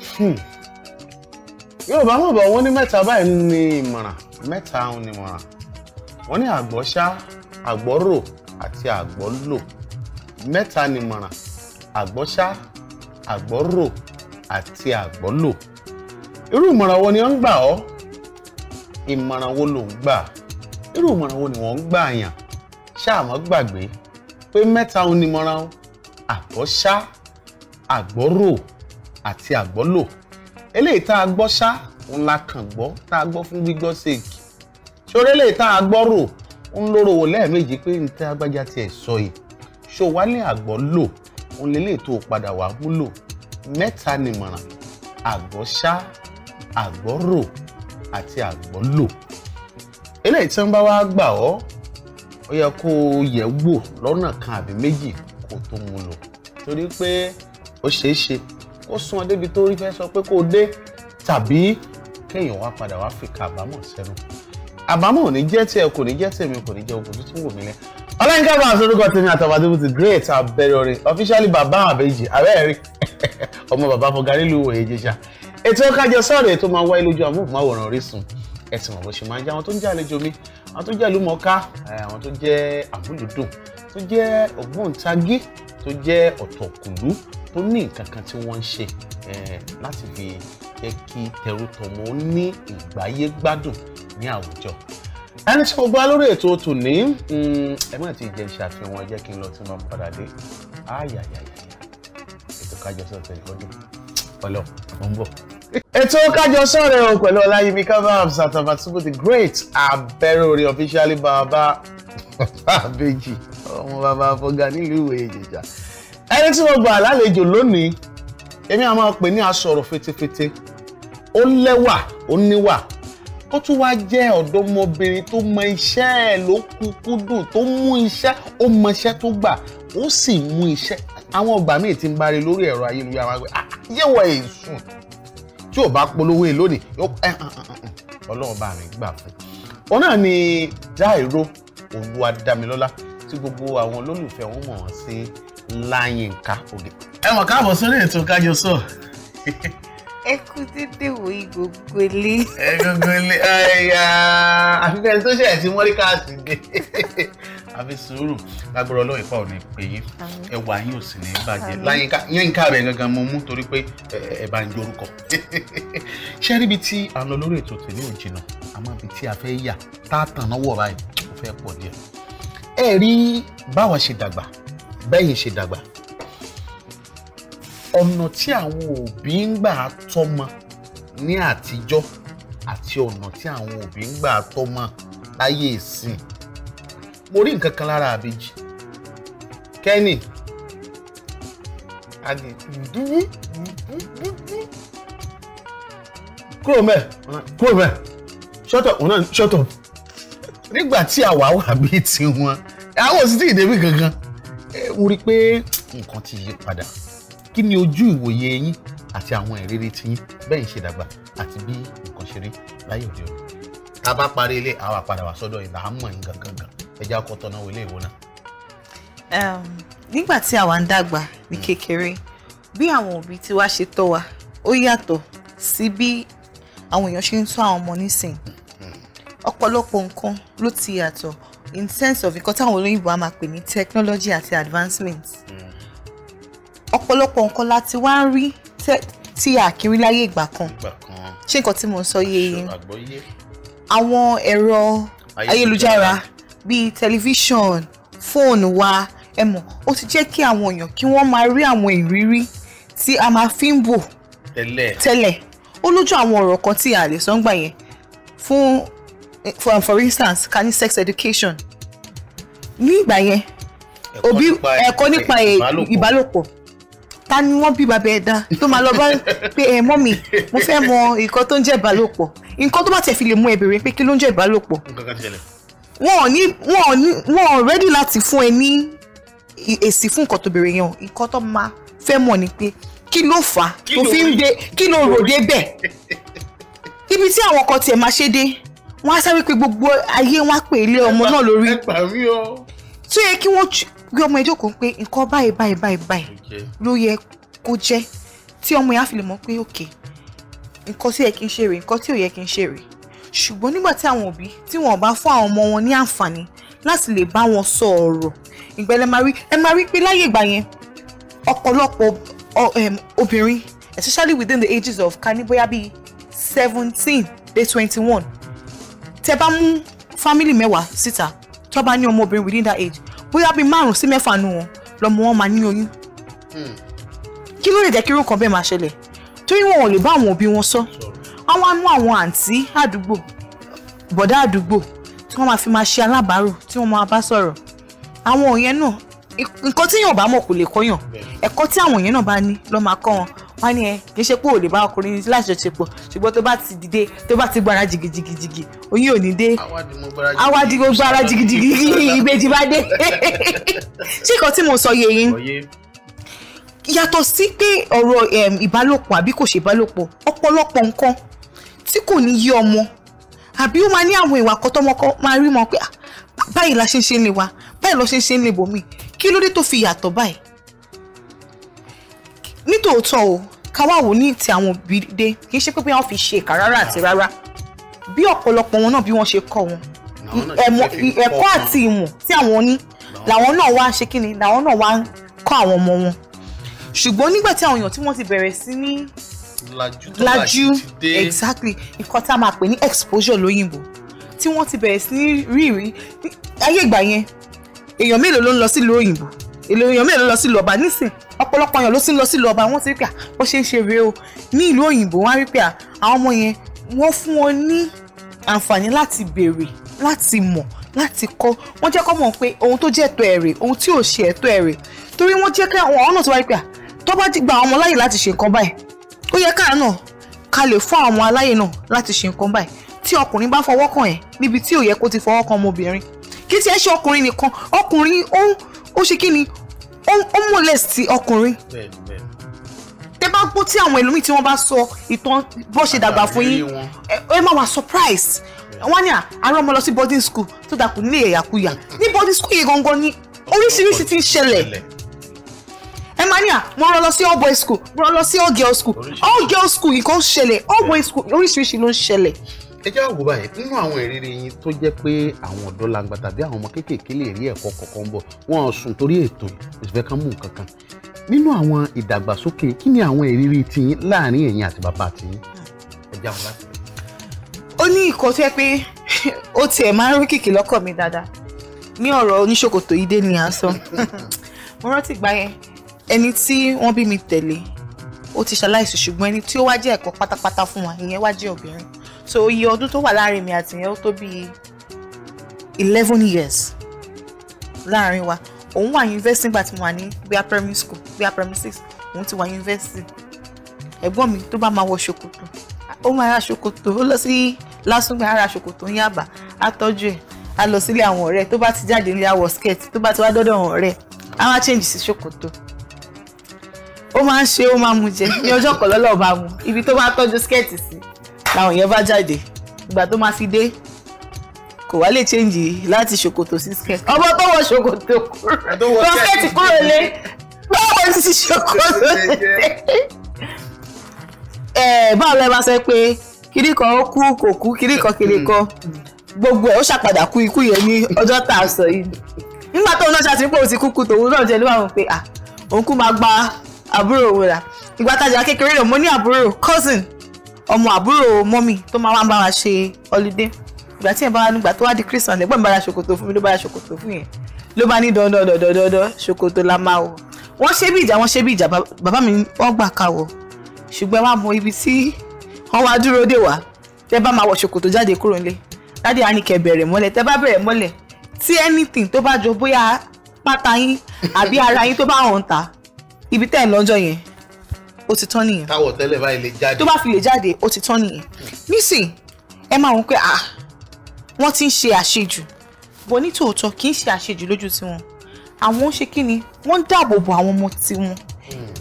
Hmm. yorùbá mọ̀ bọ̀ wọ́n ní mẹ́ta báyìí ní ìmọ̀ràn mẹ́ta ń ní ìmọ̀ràn wọ́n ní àgbọ̀ṣá àgbọ̀rò àti àgbọ̀lò mẹ́ta ní ìmọ̀ràn àgbọ̀ṣá àgbọ̀rò àti àgbọ̀lò irú ìmọ̀ràn wo ni wọ́n ń gbà ọ́ ìmọ̀ràn wo ló ń gbà irú ìmọ̀ràn wo ni wọ́n ń gbà yàn ṣáàmọ́ gbàgbé pé mẹ́ta ń ní ìmọ̀ràn àgbọ̀ṣá àgbọ̀rò àti àgbọ́ lò eléyìí tá a gbọ́ ṣá òun la kàn gbọ́ tá a gbọ́ fún gbígbọ́ sèkì ṣoré eléyìí tá a gbọ́ rò ń lóró wò lẹ́ẹ̀mejì pé ní tí agbájá tiẹ̀ sọ yìí ṣó wá ní àgbọ́ lò òun lè léètò padà wà múlò mẹ́ta nìmọ̀ràn àgbọ́ ṣá àgbọ́ rò àti àgbọ́ lò eléyìí tí wọ́n bá wá gbà ọ́ ó yẹ kó yẹ wò lọ́nà kan àbí méjì kó tó mú lò torí pé ó ṣeé ṣe ó sún ọ débi tó rí fẹ́ sọ pé kó dé tàbí kéèyàn wá padà wá fi kàbámọ̀ sẹ́nu àbámọ̀ ò ní jẹ́ tiẹ̀ kò ní jẹ́ tèmi kò ní jẹ́ ogun tuntun wò mí lẹ́ ọlọ́yinka bá àwọn orúkọ tèmi àtàwádébù ti great abẹ́rẹ́ orin officially bàbá àbẹ́jì abẹ́rẹ́ ọmọ bàbá fọgarí òye jẹjà ètò Kájọ Sọ̀rọ̀ ètò máa ń wáyé lójú amóhùnmáwòrán Orísun ẹ mọ̀ bó ṣe máa ń jẹ́ àwọn tó ń jẹ́ àlejò àwọn tó jẹ́ àlùmọ̀ọ́ká àwọn tó jẹ́ àmúlùdùn tó jẹ́ ògbóǹtagí tó jẹ́ ọ̀tọ̀kùlú tó ní nǹkan kan tí wọ́n ń ṣe eh, láti fi jẹ́ kí tẹrútọmọ ní ìgbáyégbádùn ní àwùjọ ẹni tí mo gbá lórí ètò tòní mm, ẹ má ti jẹ ìṣàfihàn jẹ́ kí n lọ tí mo padà dé ayayaya ètò kájọsọ tẹ̀lé ọdún ọlọ mo ń bọ̀. ètò kájọsọ rẹ o pẹ̀lú ọláyẹmí kábàbs àtàbàtúbù the great abẹ́rẹ́ orí officially bàbá bàbá ọmọ bàbá afọgá nílùú ìwé ìjẹjà ẹni tí mo gbà lálejò lónìí èmi a máa pè ní asọ̀rọ̀ fetefete ó lẹ́wà ó níwà ó tún wá jẹ́ ọ̀dọ́mọbìnrin tó mọ iṣẹ́ ẹ̀ ló kúkú dùn tó mú iṣẹ́ ó mọ iṣẹ́ tó gbà ó sì mú iṣẹ́ àwọn ọgbà míì ti ń bari lórí ẹ̀rọ ayélujára wá pé ah, yẹ̀wọ̀ èsùn tí ò bá polówó lónìí yóò ẹ̀ eh, eh, eh, ọlọ́run bá mi gbà fún un. òun náà ni Dáìró Olúwadámilọ́lá tí gbogbo àwọn olólùfẹ́ wọn mọ̀ ọ́n sí láyínká òde. ẹ mọ̀ káàbọ̀ sórí ètò kájọ sọ. ẹ kú tètè wo ìgbògbò ilé. ẹ gbogbo ilé ẹyà àfihàn tó ṣẹ̀ sí mọ́ríkàsì dé àfi sùúrù lágbára ọlọ́run ìfà òní pé yín ẹwà yín ò sì ní bàjẹ́ láyínká yínká rẹ̀ gangan mo mú torí pé ẹ bá ń jorúkọ. ṣé ríbi tí a lọ lórí ètò tèmi ò jìnnà àmọ́ ibi tí a fẹ́ yà tá a tàn náwó ọ̀rá yìí ó fẹ́ pọ̀ díẹ̀. ẹ rí báwa ṣe dàgbà bẹ́yìn ṣe dàgbà ọ̀nà tí àwọn òbí ń gbà tọ́mọ ní àtijọ́ àti ọ̀nà tí àwọn òbí ń gbà tọ́mọ láyé ìsìn mo rí nǹkan kan lára àbèjì kẹ́nì àgbẹ̀ dúdú kúrò mẹ́ kúrò mẹ́ ṣọ́tọ̀ òun náà ṣọ́tọ̀ nígbà tí àwa wà bíi tiwọn àwọn ò sì tí ì débi kankan mo rí i pé nǹkan ti yí padà kí ni ojú ìwòye yín àti àwọn ìrírí tí yín bẹ́ẹ̀ ń ṣe dàgbà àti bí nǹkan ṣe rí láyé òde òní. tá a bá parí ilé àwa padà wá sọ́dọ̀ ìlà á mọ̀ yín gangan gan ẹja ọkọ̀ tọ́nà wọlé ìwọ náà. nígbà tí àwa ń dàgbà ní hmm. kékeré bí àwọn òbí tiwa ṣe tọ́ wa ó yàtọ̀ sí bí àwọn èèyàn ṣe ń tọ́ àwọn ọmọ nísìn hmm. ọ̀pọ̀lọpọ̀ nǹkan ló ti yàtọ̀ in sense of nǹkan táwọn olóyìnbó á máa pè ní technology àti advancement ọ̀pọ̀lọpọ̀ nǹkan la ti wá ń rí tí a kì í rí láyé ìgbà kan ṣé nǹkan tí mo ń sọ yé yín àwọn ẹ̀rọ ayélujára bíi tẹlifíṣàn fóònù wa ẹ mọ̀ ó ti jẹ́ kí àwọn èèyàn kí wọ́n máa rí àwọn ìrírí tí a máa fi ń bò tẹ́lẹ̀ ó lójú àwọn ọ̀rọ̀ kan tí a lè sọ ń gbà yẹn fún for, for instance ká sex education ní ìgbà yẹn òbí ẹ̀kọ́ nípa ìbálòpọ̀ ta ni wọ́n bí bàbá ẹ̀ dá tó máa lọ bá pé ẹ mọ́ mi mo fẹ́ mọ nǹkan tó ń jẹ́ ìbálòpọ̀ nǹkan tó bá tẹ̀ fi lè mú ẹ bèrè pé kí ló ń jẹ́ ìbálòpọ̀ wọn ò ní wọn ò rẹ́dí láti fún ẹ ní èsì fún nǹkan tó bèrè yẹn o nǹkan tó máa fẹ́ mọ̀ ni pé kí ló fà á tó fi ń de kí ló rò dé bẹ́ẹ̀ ibi tí àwọn kan tiẹ̀ máa ṣe dé wọ́n á sáré pé gbogbo ayé wọ́n á pè ilé ọmọ náà lórí tó yẹ kí wọ́n gbé ọmọ ìjókòó pé nǹkan báyìí báyìí báyìí báyìí ló yẹ kó jẹ́ tí ọmọ yẹn á fi lè mọ̀ pé òkè nǹkan tí yẹ kí n ṣe rèé nǹkan tí ò yẹ kí n ṣe rèé ṣùgbọ́n nígbà tí àwọn òbí tí wọ́n bá fún àwọn ọmọ wọn ní àǹfààní láti lè bá wọn sọ ọ̀rọ̀ ìgbẹ́lẹ̀ máa rí ẹ máa rí pé láyé ìgbà yẹn ọ̀pọ̀lọpọ̀ obìnrin especially within the ages of kaniboya bíi seventeen dé twenty-one tẹ bá mú family mẹ́wàá síta tó bá ní ọmọbìnrin within that age bóyá bíi márùn sí mẹ́fà nù wọn lọmọ wọn máa ní oyún hmm. kí ló lè jẹ́ kí irú nǹkan bẹ́ẹ̀ máa ṣẹlẹ̀ torí wọn ò lè bá àwọn òbí wọn sọ àwọn á mú àwọn àǹtí àdúgbò bọ̀dá àdúgbò tí wọ́n máa fi máa ṣe alábàárò tí wọ́n máa bá sọ̀rọ̀ àwọn òyìn náà nǹkan tí yàn bá mọ̀ kò lè kọ́yàn ẹ̀kọ́ tí àwọn òyìn náà bá ní ló máa kọ́ wọn wọ́n ní ẹ kì í ṣe pé ò lè bá ọkùnrin láṣepọ̀ ṣùgbọ́n tó bá ti dìde tó bá ti gbára jìgìjìgìjìgì oyún ò ní dé awadi mo gbára jìgìjìgì ìbejì bá dé ṣé nǹkan tí mo sọ yé yín yàtọ̀ sí pé ọ̀rọ̀ ìbálòpọ̀ àbí kò ṣe ìbálòpọ̀ ọ̀pọ̀lọpọ̀ nǹkan tí kò ní yé ọmọ àbí ó máa ní àwọn ìwà kan tọmọ kan máa rí mọ pé ah, báyìí la ṣe ń ṣe ń lè wa báyìí lọ ṣe ń ṣe ń lè bòmí kí ló tó fi yàtọ̀ báyìí nítòótọ́ o káwá wò ní ti àwọn òbí dé kì í ṣe pé bí wọ́n fi ṣe ìkà rárá àti rárá bí ọ̀pọ̀lọpọ̀ wọn náà bí wọ́n ṣe kọ́ wọn ẹ̀kọ́ àti ìmọ̀ tí àwọn ní làwọn náà wá ṣe kí ni làwọn náà wá kọ́ àwọn ọmọ wọn ṣùgbọ́n nígbà tí àwọn èèyàn tí wọ́n ti bẹ̀rẹ̀ sí ní lajú exactly nǹkan tá a máa pè ní exposure lóyìnbó tí wọ́n ti bẹ̀rẹ̀ sí ní rí ìrí ayé ìgbà yẹn èèyàn mélòó ló ń lọ sílùú òyìnbó èlò èèyàn mélòó lọ sí ìlú ọba nísìn ọ̀pọ̀lọpọ̀ èèyàn ló sì ń lọ sí ìlú ọba wọ́n ti rí pé ó ṣeé ṣe rèé o ní ìlú òyìnbó wọ́n á rí pé àwọn ọmọ yẹn wọ́n fún wọn ní àǹfààní láti béèrè láti mọ̀ láti kọ́ wọ́n jẹ́ kọ́ mọ̀ pé ohun tó jẹ́ ẹ̀tọ́ ẹ̀ rè ohun tí ò ṣe ẹ̀tọ́ ẹ̀ rè torí wọ́n jẹ́ kí àwọn ọ̀nà tó wáyé pé tó bá gba àwọn ọmọ láyè láti ṣe nǹkan báyìí ó yẹ káà náà ká lè fún àwọn aláyè náà láti ṣe nǹkan báyìí tí ọkùnrin bá fọwọ́ kàn ẹ̀ níbi tí ò yẹ kó ti fọwọ́ kàn ọmọbìnrin kì í ṣe é ṣe ọkùnrin nìkan ọkùnrin ó ó ṣe kí ni ó molest ọkùnrin tẹ bá gbọ́ tí àwọn ẹlòmíì tí wọ́n bá sọ ìtàn bó ṣe dàgbà fún yín ẹ má wà surprise wọ́n ní àárọ̀ ọmọ lọ sí boarding school tó dàkú ní ẹ̀yàkuyà ní boarding school yìí gangan ni oríṣiríṣi ti ń ṣẹlẹ̀ ẹ máa ní à mo rán lọ sí all boys school mo rán lọ sí all girls school all girls school nǹkan ń ṣẹlẹ̀ all boys school oríṣiríṣi ló ń ṣẹlẹ̀ ẹ jẹ́ àwòrán báyìí nínú àwọn ìrírí yín tó jẹ́ pé àwọn ọ̀dọ́ langba tàbí àwọn ọmọ kéékèèké lè rí ẹ̀kọ́ kọ̀ọ̀kan ń bọ̀ wọ́n sùn torí ètò ìṣẹ̀fẹ́ kan mú nǹkan kan nínú àwọn ìdàgbàsókè kí ni àwọn ìrírí tiyín láàrin ẹ̀yin àti bàbá tiyín ẹ jẹ́ àwọn láti. ó ní ìkọ́ tó yẹ pé ó tiẹ̀ máa ń rí kìkì lọ́kọ̀ mi dáadáa ní ọ̀rọ̀ oníṣòkòtò ìdè ni à ń sọ mo rántí ìgbà yẹn ẹni tí wọ́n bí mi tẹ̀lé ó ti ṣaláìsí ṣùgbọ́n ẹni tí ó so iye ọdún tó wà láàrin mi àti yẹn ó tó bíi eleven years láàrin wa òun wà yunifásitì nígbà tí mo wà ní bíi primary school bíi primary six òun ti wà yunifásitì ẹ̀gbọ́n mi tó bá máa wọ ṣòkòtò ó máa ra ṣòkòtò ó lọ sí lásùngbà ara ṣòkòtò ń yàbá á tọ́jú ẹ̀ á lọ sílé àwọn ọ̀rẹ́ tó bá ti jáde nílé àwọ̀ skirt tó bá ti wá dọ́dọ̀ àwọn ọ̀rẹ́ á wá change sí ṣòkòtò ó máa ń ṣe ó máa mu jẹ ní ọjọ́ kan lọ́lọ́ bá mu ibi tó bá tọ́jú skirt sí làwọn èèyàn bá jáde ìgbà tó máa fi dé kò wá lè chẹ́ǹjì láti ṣòkòtò sí skẹ́ẹ̀tì ọmọ tó wọ ṣòkòtò kúrò lọ skẹ́ẹ̀tì kúrò lé báwo ni ti ṣòkòtò ẹ eh, báwo lẹ máa sọ pé kiri kan ó kú kò kú kiri kan kiri hmm. kan gbogbo ẹ ó ṣàpadà kú ikú yẹn ní ọjọ́ tá a sọ yìí nígbà tóun náà ṣàtìrí pé òun ti kú kú tòun náà jẹ níwáwọn pé à òun kú máa gba àbúrò òun rà ìgbà tájà kékeré rẹ̀ mo ní àbúrò cousin ọmọ àbúrò mọ́mì tó máa wá ń bá wa ṣe holiday ìgbà tí yẹn bá wá nígbà tó wá di Christmas ẹ̀gbọ́n mi bá ra ṣòkòtò fún mi ló bá ra ṣòkòtò fún yẹn ló bá ní dandan dandan dandan ṣòkòtò la máa wọ̀ wọ́n ṣe bí ìjà wọ́n ṣe bí ìjà bàbá mi wọ́n gbà ká wọ̀ ṣùgbọ́n wá mọ ibi tí wọ́n wá dúró dè wá tẹ́ bá máa wọ̀ ṣòkòtò jáde kúrò nílé dáadé ó ti tán nìyẹn. táwọ̀ tẹ́lẹ̀ báyìí lè jáde. tó bá fi lè jáde ó ti tán nìyẹn. Hmm. nísìn ẹ máa wọn pé ah wọ́n ti ń ṣe àṣejù bọ̀ ní tòótọ́ kì í ṣe àṣejù lójú tiwọn àwọn ń ṣe kí ni wọ́n ń dáàbò bo àwọn ọmọ tiwọn hmm.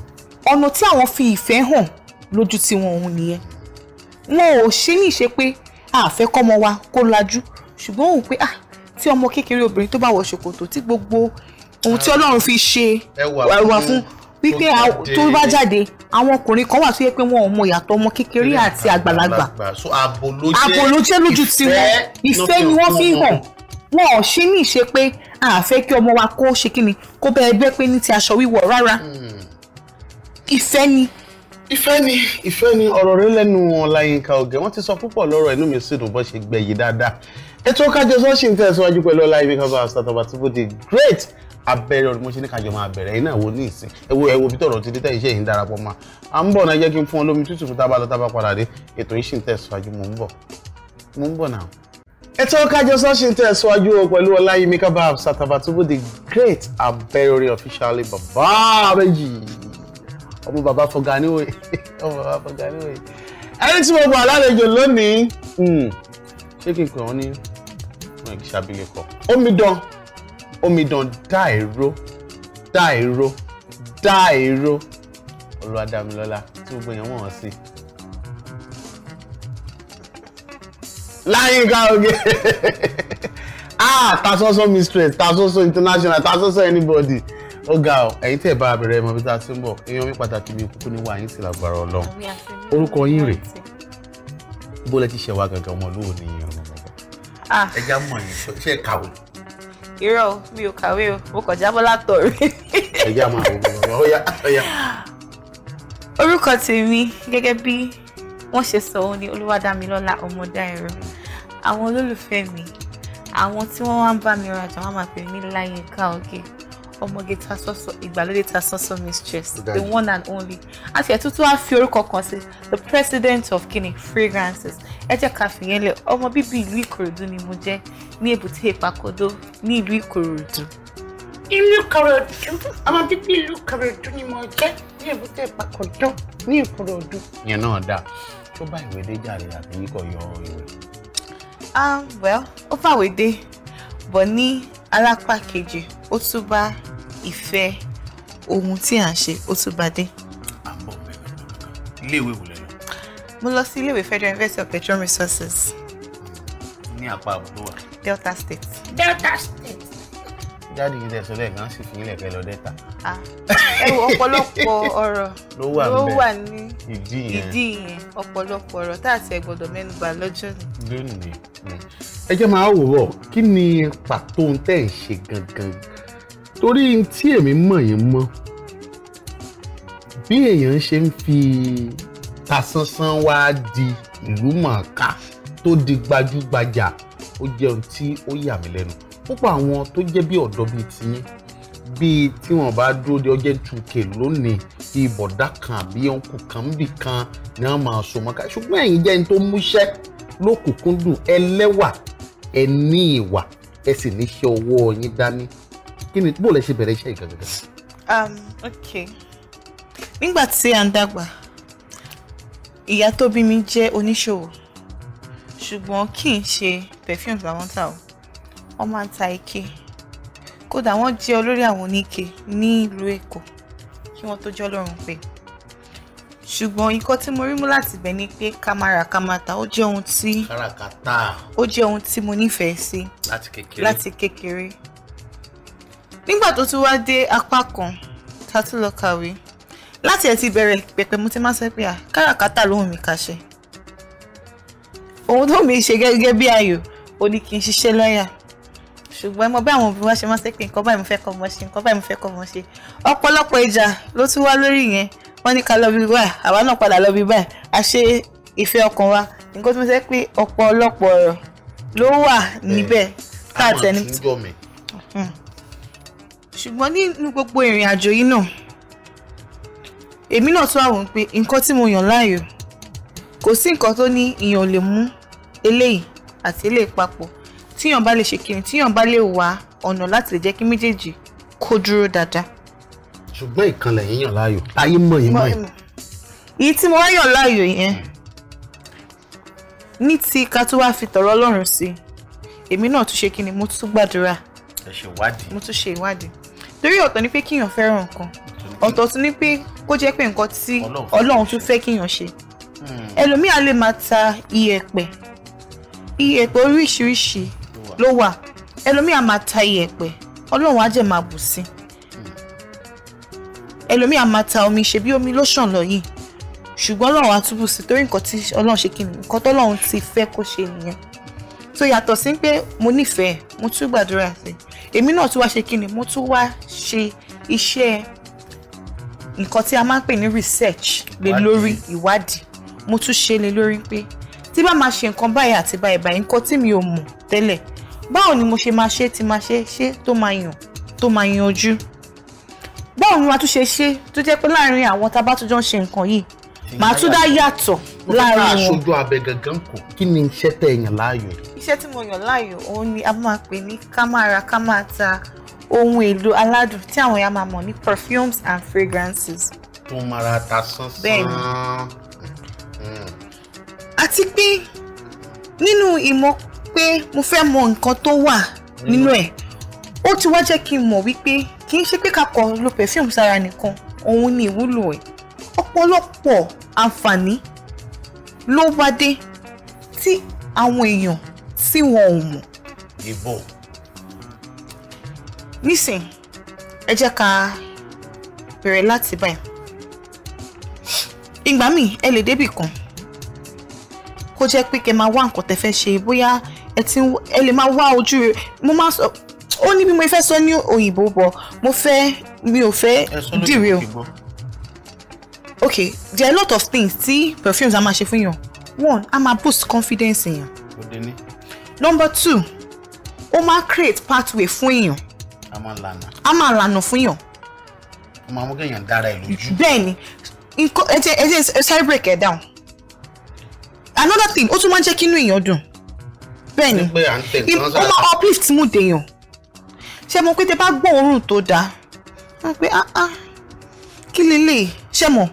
ọ̀nà tí àwọn fi ìfẹ́ hàn lójú tiwọn òun nìyẹn wọn ò ṣe ní ìṣe pé àfẹ́ kọ́mọ wa kó lajú ṣùgbọ́n òun pé ah tí ọmọ kékeré obìnrin tó bá wọ ṣòkòtò tí gbogbo ohun tí ah. Ọlọ́run fi ṣe ẹwà fún wípé tó bá jáde àwọn ọkùnrin kan wà tó yẹ pé wọn ò mọ ìyàtọ̀ ọmọ kékeré àti àgbàlagbà àbò ló jẹ́ lójú tiwọn ìfẹ́ ni wọ́n fi hàn wọn ò ṣe ní ìṣe pé a fẹ́ kí ọmọ wa kó ṣe kí ni kó bẹ́ẹ̀ bẹ́ẹ̀ pé ní ti aṣọ wíwọ̀ rárá hmm. ìfẹ́ ni. ìfẹ́ ni ìfẹ́ ni ọ̀rọ̀ rẹ lẹ́nu Ọláyínká Ògé wọ́n ti sọ púpọ̀ lọ́rọ̀ inú mi sì dùn bọ́ ṣe gbẹ̀yìn dáadáa ètò Kájọsọ ṣì ń tẹ̀síwájú pẹ̀lú Ọláyínká bá a sọ̀tọ̀ bá ti bó di great abẹ́rẹ́ ọdún mo ṣe ní kájọ máa bẹ̀rẹ̀ ẹ̀yin náà wo ní ìsìn ẹ wo ẹ wo bí tọ̀rọ̀ ti dé tẹ̀yìn iṣẹ́ yìí ń darapọ̀ ma à ń bọ̀ náà jẹ́ kí n fún ọ lómi tútù fún tábà lọ tábà padà dé ètò yìí ṣì ń tẹ̀síwájú mò ń bọ̀ mò ń bọ̀ náà. ètò Kájọsọ ṣì ń tẹ̀síwájú o pẹ̀lú Ọláyímí Babs Àtàbàtúbú the great abẹ́rẹ́ officially bàbá méjì ọmọ bàbá fọganiwe ọmọ bàbá fọganiwe ẹni tí mo gbà lálejò lónìí hmm, ṣé kí n pè wọ́n ní ọmọ ìṣàbílẹ̀ kọ omidan omidan Dáìró Dáìró Dáìró Olúwadámilọ́lá tí gbogbo èèyàn wọ̀n sí. Láyínká oge ah tasọ́sọ́ mistress tasọ́sọ́ international tasọ́sọ́ anybody ó ga ọ ẹ̀yin tẹ́ bá abẹrẹ ẹmọ bí tá a ti ń bọ̀ èèyàn mi pàtàkì mi kúkú ní wàá yín sí lágbára Ọlọ́run orúkọ yín rèé bó lẹ ti ṣe wá gangan ọmọ lóò ní ìyẹn ọmọ bàbá ah. ẹ já mọ yín ṣe é kàwé irọ́ mi ò kàwé o mo kàn jábọ́ látọ̀rí. ẹ jẹ́ àmọ́ àwọn ọmọ ọmọ ọyá ọyá. orúkọ tèmi gẹ́gẹ́ bí wọ́n ṣe sọ òun ni Olúwadámilọ́lá Ọmọdáìró àwọn olólùfẹ́ mi àwọn tí wọ́n wá ń bá mi rajà wọ́n máa pè mí Láyínká Ògè. Okay ọmọge ta sọ́sọ́ ìgbàlódé ta sọ́sọ́ mistress the one and only àti ẹ̀tútù á fi orúkọ kan sí the president of kini fragrances ẹ jẹ́ ká fìyẹn lẹ̀ ọmọ bíbí ìlú ìkòròdú ni mo jẹ́ ní èbúté ìpàkọ́dọ̀ ní ìlú ìkòròdú. ìlú ìkòròdú ọmọ bíbí ìlú ìkòròdú ni mo jẹ́ ní èbúté ìpàkọ́dọ̀ ní ìkòròdú. yẹn náà dáa tó bá ìwé dé jàre àbí kò yọ ìwé. ah well ó fàwé dé bọ̀ ní alápá kejì ó tún bá ìfẹ́ ohun tí à ń ṣe ó tún bá dé. à ń bọ̀ bẹ̀rẹ̀ lọ́kàn iléèwé wò lẹ́nu. mo lọ sí iléèwé Federal University of Petroleum Resources. ní apá àbúrò wa. Delta State. Delta State jáde yìí tẹ̀sọ́ lẹ̀ gan sì fi ilẹ̀ kẹ lọ dẹ́ta. ẹ wo ọ̀pọ̀lọpọ̀ ọ̀rọ̀ ló wà ní ìdí yẹn ọ̀pọ̀lọpọ̀ ọ̀rọ̀ tá a ti gbọ́dọ̀ mẹ́nu bà lọ́jọ́ ni. lónìí ẹ jẹ́ máa wò wọ̀ kí ni pàtó ń tẹ̀ ń ṣe gangan torí tí èmi mọ̀ yẹn mọ́ bí èèyàn ṣe ń fi tasánsan wá di ìlú mọ̀ọ́ká tó di gbajúgbajà ó jẹun tí ó yà mí lẹ́nu púpọ̀ àwọn tó jẹ́ bí ọ̀dọ́ bíi tiyín bíi tí wọ́n bá dúró de ọjọ́ tukè lónìí bíi bọ̀dá kan àbí ọ̀nkù kan bì kan ni wọ́n máa so mọ́ká ṣùgbọ́n ẹ̀yin jẹ́ ẹni tó múṣẹ́ lókùnkúndùn ẹlẹ́wà ẹ ìwà ẹ sì níṣẹ́ ọwọ́ yín dání kí ni bó lẹ ṣe bẹ̀rẹ̀ iṣẹ́ ìgàgàgà. Um, ok nígbà tí a ń dàgbà ìyá tó bí mi jẹ́ oníṣòwò ṣùgbọ́n kì í ṣe perfumes wọ́n máa ń ta ike kódà wọ́n jẹ́ olórí àwọn oníke ní ìlú èkó kí wọ́n tó jọ́ lọ́rùn pé ṣùgbọ́n nǹkan tí mo rí mú láti bẹ̀ ni pé kámárà kámátà ó jẹ́ ohun tí káràkátà ó jẹ́ ohun tí mo nífẹ̀ẹ́ sí láti kékeré láti kékeré nígbà tó tún wá dé apá kan ta tún lọ kàwé láti ẹ̀ ti bẹ̀rẹ̀ pẹ̀pẹ̀ mo ti máa sọ pé à káràkátà lóhùn mi kàṣẹ ohun tó mi ṣe gẹ́gẹ́ bí ayò ó ní kí n ṣiṣẹ́ lọ́yà ṣùgbọ́n mo bá àwọn òbí wọn ṣe máa ṣe pé nǹkan báyìí mo fẹ́ kọ́ ọmọ ṣe nǹkan báyìí mo fẹ́ kọ́ ọmọ ṣe ọ̀pọ̀lọpọ̀ ìjà ló tún wá lórí yẹn wọ́n ní ká lọ bí báyìí àwa náà padà lọ bí báyìí a ṣe ìfẹ́ ọkàn wa nǹkan tó ń ṣe pé ọ̀pọ̀lọpọ̀ ọ̀rọ̀ ló wà níbẹ̀ káàtẹ́ eh, ní. Hmm. ṣùgbọ́n nínú gbogbo ìrìn àjò yìí náà èmi náà tún àwọn pé nǹkan tí mo yàn láàyò kò sí nǹkan tó ní ìyàn lè mú eléyìí àti eléyìí papọ̀ tíyàn bá lè ṣe kiri tíyàn bá lè wá ọ̀nà láti lè jẹ́ kí méjèèjì kó dúró dáadáa. ṣùgbọ́n ìkànlẹ̀ yín yàn láàyò ayé mọ̀ yín mọ̀ yín. èyí tí mo wá yàn láàyò yẹn ní ti ká tó wá fi tọ̀rọ̀ Ọlọ́run sí èmi náà tún ṣe kí ni mo tún gbàdúrà mo tún ṣe ìwádìí torí ọ̀tọ̀ ni pé kíyàn fẹ́ràn nǹkan ọ̀tọ̀ tún ni pé kó jẹ́ pé nǹkan tí Ọlọ́run tún fẹ́ kíyàn ṣe hmm. ẹlòmíà lè máa ta iyẹ̀pẹ̀ iyẹ̀pẹ̀ oríṣiríṣi ló wà ẹlòmíà máa ta iyẹ̀pẹ̀ ọlọ́run á jẹ́ máa bù sí ẹlòmíà máa ta omi ṣe bí omi ló lọ yìí ṣùgbọ́n ọlọ́run á túbù sí torí nǹkan tí ọlọ́run ṣe kí ni nǹkan tọ́lọ́run ti fẹ́ kó ṣe nìyẹn so yàtọ̀ sí pé mo nífẹ̀ẹ́ mo tún gbàdúrà sí èmi náà tún wá ṣe kí ni mo tún wá ṣe iṣẹ́ nǹkan tí a máa ń pè ní research lé lórí ìwádìí mo tún ṣe lé lórí pé tí bá máa ṣe nǹkan báyìí àti báyìí báyìí nǹkan tí mi ò mọ̀ tẹ́lẹ̀ báwo ni mo ṣe máa ṣe tí máa ṣe ṣe tó máa yàn tó máa yanjú báwo ni wàá tún ṣe ṣe tó jẹ́ pé láàrin àwọn tá a bá tún jọ ń ṣe nǹkan yìí màá tún dá yàtọ̀ láàrin wọn. mo fẹ́ aṣojú abẹ gangan kù kí ni iṣẹ́ tẹ èèyàn láàyò. iṣẹ́ tí mo yàn láàyò òun ni a máa pè ní kámára kámáta ohun èlò aládùn tí àwọn èèyàn máa mọ̀ ní perfumes and fragrances. tó mara ta sánsán. bẹ́ẹ̀ni mm-hmm. àti pé nínú ìmọ̀ wípé mo fẹ́ mọ nǹkan tó wà nínú ẹ̀ ó ti wá jẹ́ kí n mọ̀ wípé kì í ṣe pé kakọ̀ lo perfume sára nìkan òun ni ìwúlò ẹ̀ ọ̀pọ̀lọpọ̀ àǹfààní ló bá dé tí àwọn èèyàn tí wọn ò mọ̀. ìbò. nísìn ẹ jẹ́ ká bẹ̀rẹ̀ láti báyìí ìgbà míì ẹ lè débì kan kó jẹ́ pé kẹ́ máa wá nǹkan tẹ́ fẹ́ ṣe bóyá ẹ ti ẹ lè máa wá ojú rẹ mo máa sọ ó ní bí mo fẹ́ sọ ní òyìnbó bọ̀ mo fẹ́ mi ò fẹ́ dìrì o ok there are a lot of things tí perfumes a máa ṣe fún yàn one a máa boost confidence yàn number two ó máa create pathway fún èèyàn a máa lànà a máa lànà fún yàn ó máa mú kéèyàn dára ẹ lójú bẹ́ẹ̀ni ẹ jẹ́ ẹ jẹ́ sáré break it down another thing ó tún máa ń jẹ́ kínú èèyàn dùn bẹ́ẹ̀ni ó máa uplift mood èèyàn ṣé mo pé tẹ bá gbọ́ òórùn tó dáa wọ́n pe ah ah kí lélẹ̀ ṣé mo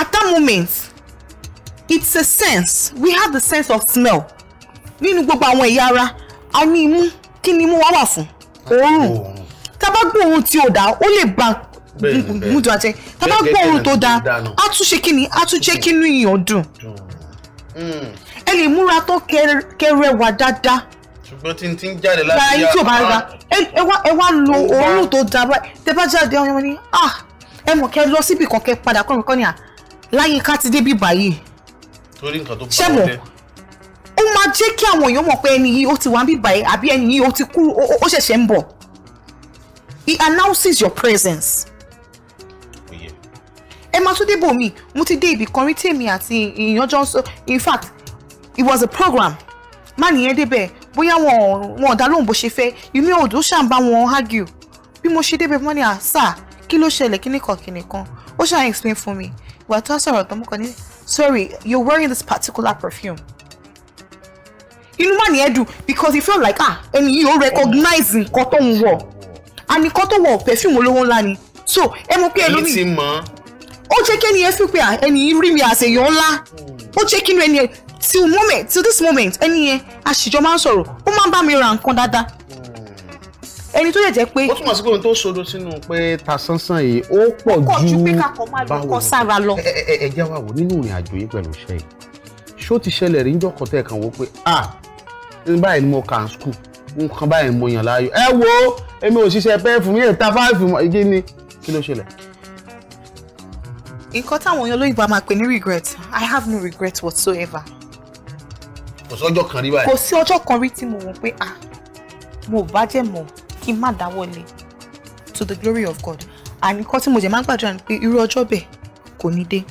at that moment it's a sense we have the sense of smell nínú gbogbo àwọn ẹ̀yà ara a ní imú kí ni imú wa wà fún òórùn tá a bá gbọ́ òórùn tí ò dáa ó lè ba múdù àjẹ tá a bá gbọ́ òórùn tó dáa á tún ṣe kí ni á tún jẹ́ kí inú ìyàn dùn hmm ele lè múra tó kẹrẹwà dáadáa ṣùgbọ́n tí n ti ń jáde láti yá tí o bá ra ẹ wá lo òórùn tó da báyìí tẹ bá jáde ọyàn ni ah, ẹ mọ̀ kẹ́ lọ síbi kan kẹ́ padà kọ́ nìkan ni à láyé ká ti débi báyìí torí nǹkan tó bá wọlé ó máa jẹ́ kí àwọn èèyàn mọ̀ pé ẹni yìí ó ti wà ń bí báyìí àbí ẹni yìí ó ti kú ó ṣẹ̀ṣẹ̀ ń bọ̀ he announces your presence ẹ máa tún débò mi mo ti dé ibì kan rí tèmi àti ìyànjọ́ in fact it was a program má nìyẹn débẹ̀ bóyá wọn wọn ọ̀dà lóhùn bó ṣe fẹ́ Yumi Odo ṣáà ń bá wọn argue bí mo ṣe débẹ̀ mọ́ ni àṣà kí ló ṣẹlẹ̀ kí nìkan kí nìkan ó ṣáà explain fún mi ìwà tó sọ̀rọ̀ tó mú kan ní sorry you're wearing this particular perfume inú má nìyẹn dùn because it feel like ah ẹni yìí ó recognize nǹkan tó ń wọ̀ àní nǹkan tó wọ̀ perfume olówó ńlá ni so ẹ mọ̀ pé ẹlòmíì ó jẹ́ kí ẹni yẹn fi pé ẹni rí mi àṣeyàn ńlá ó jẹ́ kí ẹni yẹn till moment till this moment ẹni yẹn àṣìjọ máa ń sọ̀rọ̀ ó máa ń bá mi ra nǹkan dáadáa ẹni tó yẹ jẹ́ pé. ó túmọ̀ sí pé ohun tó sodo sínú pé ta sánsán yìí ó pọ̀ ju báwo ó pọ̀ ju pé kakọ̀ máa lọ kọ́ sára lọ. ẹ ẹ ẹ jẹ́ wá wò nínú ìrìn àjò yìí pẹ̀lú iṣẹ́ yìí ṣó ti ṣẹlẹ̀ rí níjọ́kọ̀ tẹ̀ kan wò pé ah báyìí ni mo kà ń skul nǹkan báyìí mo yàn láàyò ẹ wo èmi ò ṣiṣẹ́ pẹ́ fún mi ẹ̀ ta fáìfù mọ́ igi ni kí ló ṣẹlẹ̀. nǹkan táwọn olóyìnbó máa pè ní regret I have no regret whatsoever kò sọ́jọ́ kan rí báyìí. kò sí ọjọ́ kan rí tí mo wò pé ah mo bá jẹ́ mọ̀ kí n má dáwọ́lé to the glory of God àní kọ́ tí mo jẹ́ máa ń gbàdúrà ni pé irú ọjọ́ bẹ́ẹ̀ kò ní dé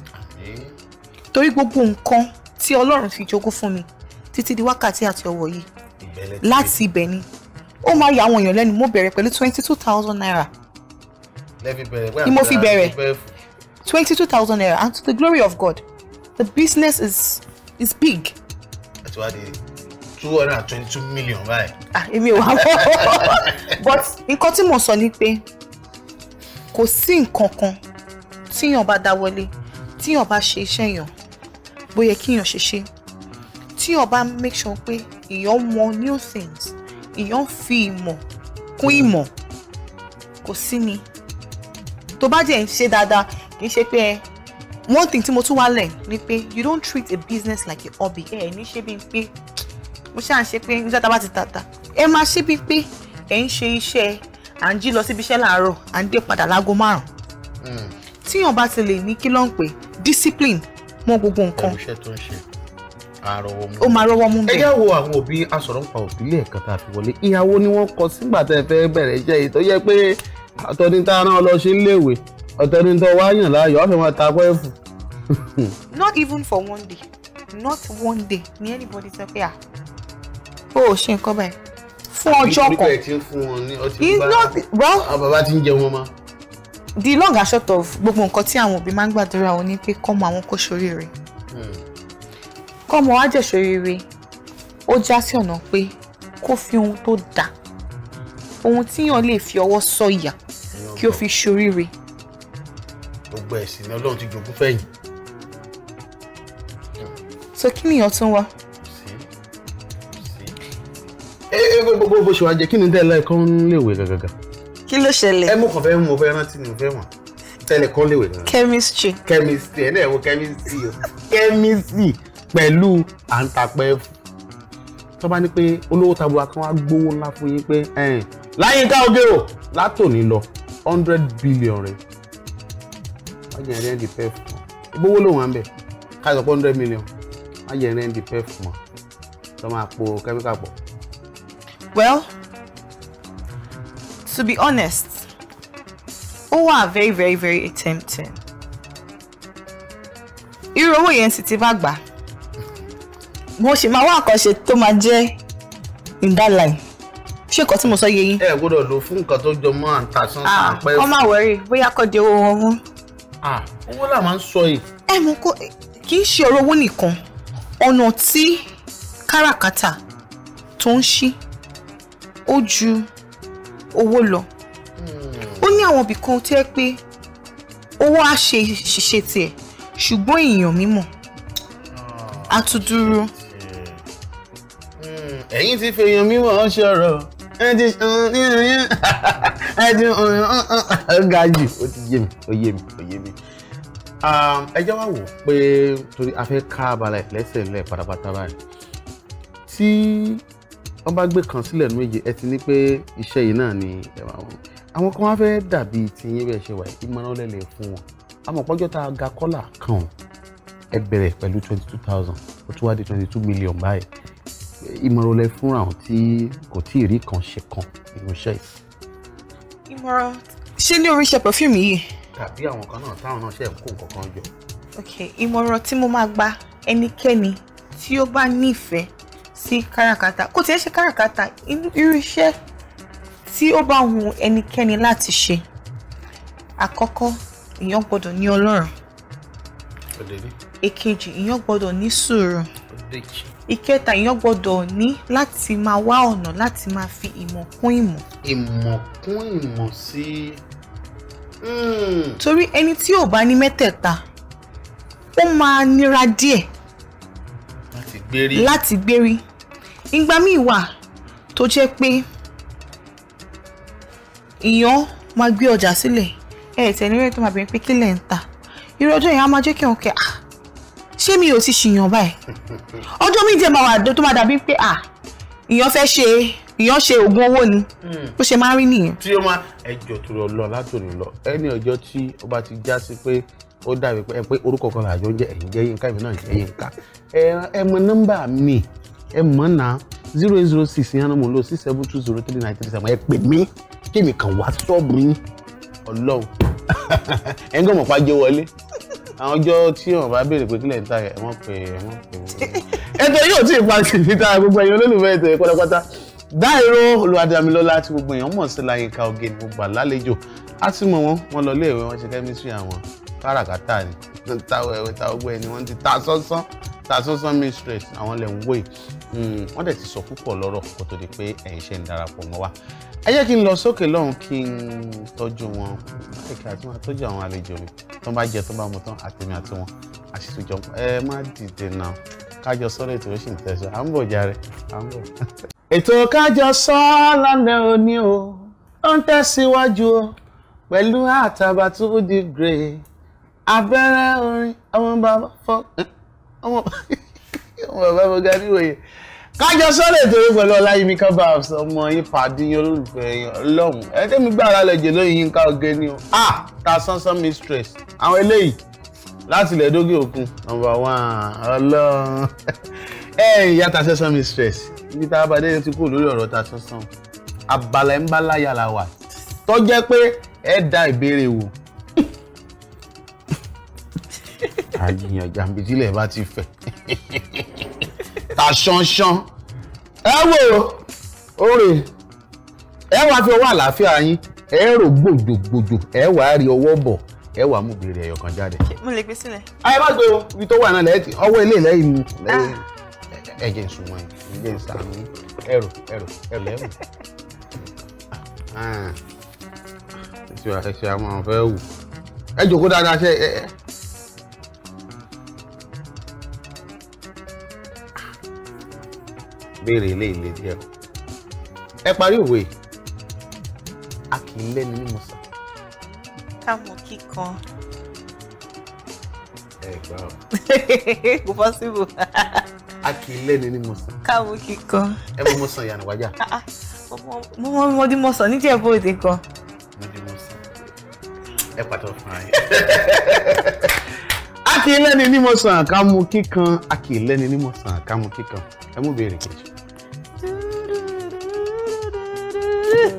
torí gbogbo nǹkan tí Ọlọ́run fi jogún fún mi títí di wákàtí àti ọwọ́ yìí láti ibẹ̀ ni ó máa yà àwọn èèyàn lẹ́nu mo bẹ̀rẹ̀ pẹ̀lú twenty two thousand naira ni mo fi bẹ̀rẹ̀ twenty two thousand naira and to the glory of God the business is is big ti wá di two hundred and twenty two million báyìí. èmi ò wá mọ́ but nǹkan tí mo sọ ni pé kò sí nǹkan kan tíyàn bá dáwọ́lé tíyàn bá ṣe iṣẹ́ yàn bó yẹ kíyàn ṣe ṣe tíyàn bá make sure pe èèyàn mọ new things èèyàn fi ìmọ̀ kún ìmọ̀ kò sí ni tó bá jẹ́ ń ṣe dáadáa kì í ṣe pé one thing tí mo tún wá lẹ̀ ni pé you don't treat a business like a hobby ẹ ní ṣe bí pé mo ṣáà ń ṣe pé níjọ́ tá a bá ti tàta ẹ máa ṣe bí pé ẹ ń ṣe iṣẹ́ à ń jí lọ síbi iṣẹ́ láàárọ̀ à ń dé padà láago márùn-ún hmm. tíyàn bá ti lè ní kí ló ń pè discipline mọ gbogbo nǹkan ó máa rọwọ́ mú bẹ́ẹ̀. ẹ yá wo àwọn òbí asọ̀rọ̀ ń pa òbí lẹ́ẹ̀kan tá a fi wọlé ìyàwó ni wọ́n kọ sígbà tẹ́ fẹ́ bẹ̀rẹ̀ iṣẹ́ yìí tó yẹ pé àtọ́ni tá a rán ọ lọ ṣe ń léèwé ọ̀tẹ̀ni tó yàn láàyò ọ̀fẹ́ wọn ta kọ́ ẹ̀fù. not even for one day not one day ni anybody sọ pé ah o ò ṣe nǹkan báyìí fún ọjọ́ kan. nípa ẹ̀ ti ń fún wọn ní ọtí bá àwọn bàbá ti ń jẹ wọn mọ́. the long and short of gbogbo nǹkan tí àwọn òbí máa ń gbàdúrà wọn ni pé kọ́mọ àwọn kò ṣoríire hmm. kọ́mọ wa jẹ́ ṣoríire ó já sí ọ̀nà pé kó fi ohun tó dáa ohun tíyàn lè fi ọwọ́ sọ̀yà kí ó fi ṣoríire gbogbo ẹ̀sìn ni ọlọ́run ti jogún fẹ̀yìn. so kí ni ọtún wa. ee gbogbo bó ṣe wá jẹ kí ni dẹ́ lẹ́ẹ̀kan léwe gàgàgà. kí ló ṣẹlẹ̀. ẹ mú kàn fẹ́ mú fẹ́ rántí ni mo fẹ́ wọ̀n tẹ́lẹ̀ kan léwe gàgàgà. chemistry. chemistry ẹ̀ náà wo chemistry o chemistry pẹ̀lú àǹtàpẹ́ tó bá ní pé olówó tabua kan wá gbowó ńlá fún yín pé láyínká ogero látòní lọ hundred billion rẹ̀ ọjà ẹ̀rẹ́ ndí pef mọ́ gbówó ló wà ń bẹ̀ káàtó pé hundred million ọjà ẹ̀rẹ́ ndí pef mọ́ tó máa po kẹ́míkà pọ̀. well to be honest ó wà very very very attempting. irú owó yẹn sì ti bá gbà mo sì máa wá àkànṣe tó máa jẹ́ in that line ṣé nǹkan tí mo sọ yé yín. ẹ gbọ́dọ̀ lò fún nǹkan tó jọ mọ́ àǹtà sán àpẹ. ọmọ àwẹrí bóyá kò di owó wọn mú Ah. owó là máa ń sọ yìí. ẹ mọ̀ kó kì í ṣe ọ̀rọ̀ owó nìkan ọ̀nà tí káràkátà tó ń ṣí ó ju owó lọ ó ní àwọn ibì kan tó pé owó á ṣe ṣiṣẹ tiẹ̀ ṣùgbọ́n èèyàn mímọ̀ á tún dúró. Hmm, ẹ̀yin ti fi èèyàn mímọ̀ ọ́ ṣe ọ̀rọ̀ ẹ ti ṣe ọ̀rọ̀ nínú ẹni mm, mm, mm, ga jù ó ti yé mi ó yé mi ó yé mi. Um, ẹ jẹ́ wá wò pé torí a fẹ́ ká abala ìlẹ́sẹ̀ ńlẹ̀ pátápátá báyìí tí wọ́n bá gbé kan sílẹ̀ méje ẹ ti ní pé iṣẹ́ yìí náà ni ẹ̀wà wọn. àwọn kan wá fẹ́ dàbí tiyín bẹ́ẹ̀ ṣe wà yìí ìmọ̀ràn lẹ́lẹ̀ fún wọn àmọ́ pọ́jọ́ tá a ga kọ́là kan o ẹ bẹ̀rẹ̀ pẹ̀lú twenty two thousand ó tún wá di twenty two million báyìí ìmọ̀ràn lẹ fún àwọn tí kò tí ì rí kan ṣe kan nínú yìí ìmọ̀ra ṣé ilé orí perfume yìí. tàbí àwọn kan náà táwọn náà ṣe ń kó nǹkan kan jọ. ok ìmọ̀ràn tí mo máa gba ẹnikẹ́ni tí ó bá nífẹ̀ẹ́ sí káràkátà kò tiẹ̀ ṣe káràkátà irú iṣẹ́ tí ó bá wù ẹnikẹ́ni láti ṣe àkọ́kọ́ èèyàn gbọ́dọ̀ ní ọlọ́run èkejì èèyàn gbọ́dọ̀ ní sùúrù ìkẹta èèyàn gbọ́dọ̀ ní láti máa wá ọ̀nà láti máa fi ìmọ̀ kún ìmọ̀. ìmọ̀ kún ìmọ̀ sí. Hmm. torí ẹni tí ò bá ní mẹ́tẹ̀ẹ̀ta ó máa nira díẹ̀ láti gbérí láti gbérí ìgbà míì wà tó jẹ́ pé èèyàn máa gbé ọjà sílẹ̀ ẹ̀ tẹ̀lé rẹ̀ tó máa bẹ̀rẹ̀ pé kí lẹ̀ ń ta irú ọjọ́ yẹn á máa jẹ́ kí òun kẹ́ ah ṣé mi ò ti ṣìyàn báyìí ọjọ́ mi jẹ́ máa wà tó máa dàbí pé à ìyàn fẹ́ ṣe ìyàn ṣe oògùn owó ni hmm. bó ṣe máa rí nìyẹn. tí ó máa ẹjọ́ tó lọ lọ látòní lọ ẹni ọjọ́ tí ó bá ti já sí pé ó dàbí pé ẹ pé orúkọ kan làjọ ń jẹ ẹ̀yin jẹ́ Yínká ìmọ̀ náà jẹ́ Yínká ẹ mọ nọ́mbà mi ẹ mọ̀ náà zero eight zero six yẹn mo lò six seven two zero three nine three seven ẹ pè mí kémi kan wá sọ́ọ̀bù yín ọlọ́run ẹ̀ ń gbọ́n mọ̀ pa jẹ́ wọlé àwọn ọjọ́ tí wọn bá béèrè pé kílẹ̀ ń ta ẹ̀ wọ́n pè é wọ́n pè é. ètò yóò tí ì pa sí ìfita gbogbo ẹ̀yin olólùfẹ́ ètò ẹ̀kọ́ pátápátá dáìró olùwàdàmílọ́lá tí gbogbo èèyàn mọ̀ sí láyínká oge ni mo gbà lálejò á sì mọ̀ wọ́n wọn lọ iléèwé wọn ṣe kẹ́mísírì àwọn káràkátà ni wọ́n ti ta wẹ̀wẹ̀ ta ọgbẹ́ ni wọ́n ti ta sánsan ta sánsan mistress àwọn lẹ̀ ń wò yìí Hmm. wọ́n dẹ̀ ti sọ púpọ̀ lọ́rọ̀ kó tó di pé ẹ̀yin ṣe ń darapọ̀ mọ́ wa ẹ jẹ́ kí n lọ sókè lọ́hùn kí n tọ́jú wọn láìka àti wọn tọ́jú àwọn àlejò mi tó ń bá jẹ tó bá mu tán àtẹ̀mí àti wọn àṣìṣùjọ ẹ má dìde náà kájọ sọ́rọ̀ ètò ìṣìn tẹ̀sán à ń bọ̀ jàre à ń bọ̀. ètò kájọ sọ lálẹ́ òní o ó ń tẹ̀síwájú o pẹ̀lú Àtàbàtúbú the great abẹ́rẹ́ orin ọmọ bàbá fọ́ ọmọ bàbá bàbá mo ga níwòye kájọ sọ́lẹ̀ tó yẹ pẹ̀lú ọláyími kábà ọmọ yín pàdé yín olólùfẹ́ yín ọlọ́run ẹ tẹ́mi gbára lẹ̀ jẹ́ lóyún yín ká ọgẹ́ ni o ah ta sánsán mistress àwọn eléyìí láti ilẹ̀ dógé òkun number one ọlọ́run ẹ ìyá ta sánsán mistress ibi tá a bá dé ti kú lórí ọ̀rọ̀ ta sánsán abala ń bá láyà la wà tó jẹ́ pé ẹ da ìbéèrè wò àjìyànjà bìtílẹ̀ bá ti fẹ̀. ta ṣánṣán ẹ wò oore ẹ wàá fi ọwọ́ àlàáfíà yín ẹ rò gbòjògbòjò ẹ wàá rí ọwọ́ bọ̀ ẹ wàá mú bèrè ẹyọ kan jáde. mo lè gbé sílẹ̀. ayé má gbé o ibi tó wà náà lẹ́yìn ọwọ́ ilé lẹ́yìn lẹ́yìn ah. ẹ̀jẹ̀ ìsúnmọ́ yìí ẹ̀jẹ̀ ìsàmì ẹ̀rù ẹ̀rù ẹ̀rù ẹ̀rù. Ah. ṣé ṣé àwọn fẹ́ wù ẹ jòkó dáadáa ṣe béèrè ilé ilé díẹ̀ ẹ parí òwe a kì í lẹ́ni ní musa. ká mọ̀ kíkan. ẹ gbà ọ. kò possible. a kì í lẹ́ni ní musa. ká mọ̀ kíkan. ẹ mọ musa ìyànà wájà. mo mọ mo di musa ní tiẹ̀ bóde kan. mo di musa ẹ pàtó fún ayé. a kì í lẹ́ni ní musa ká mọ̀ kíkan a kì í lẹ́ni ní musa ká mọ̀ kíkan ẹ mú béèrè kejì.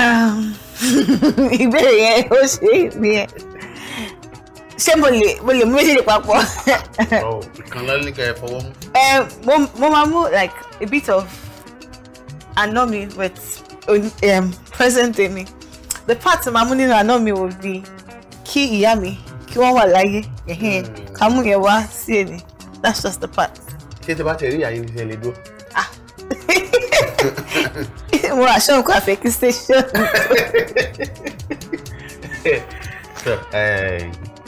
Um, ìbéèrè yẹn ó ṣe é nìyẹn ṣé mo lè mo lè mú méjèèjì papọ̀. Oh, ìkan lálẹ́ ní ká fọwọ́ mú. Eh, mo máa mú like a bit of àná mi with um, present day mi the part máa mú nínú àná mi will be kí ìyá mi kí wọ́n wà láyé hmm. ká mú yẹn wá sí èmi that's just the part. ṣé tí bá ti rí àyè ìṣẹ̀lẹ̀ dúró mo aṣọ nǹkan àfẹ́kí station.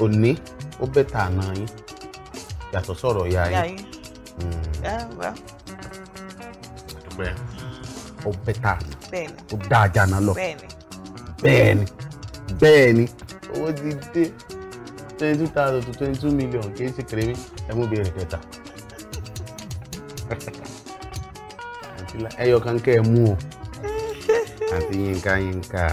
òní ó bẹ́ tà àná yín yàtọ̀ sọ̀rọ̀ ya yín. Hmm. ó bẹ́ tà ó dáa jàná lọ bẹ́ẹ̀ni bẹ́ẹ̀ni owó ti dé twenty two thousand to twenty two million kì í ṣe kèrèmí ẹ mú bèrè kẹta ẹyọ kan kẹ ẹ mú o àti Yínká Yínká.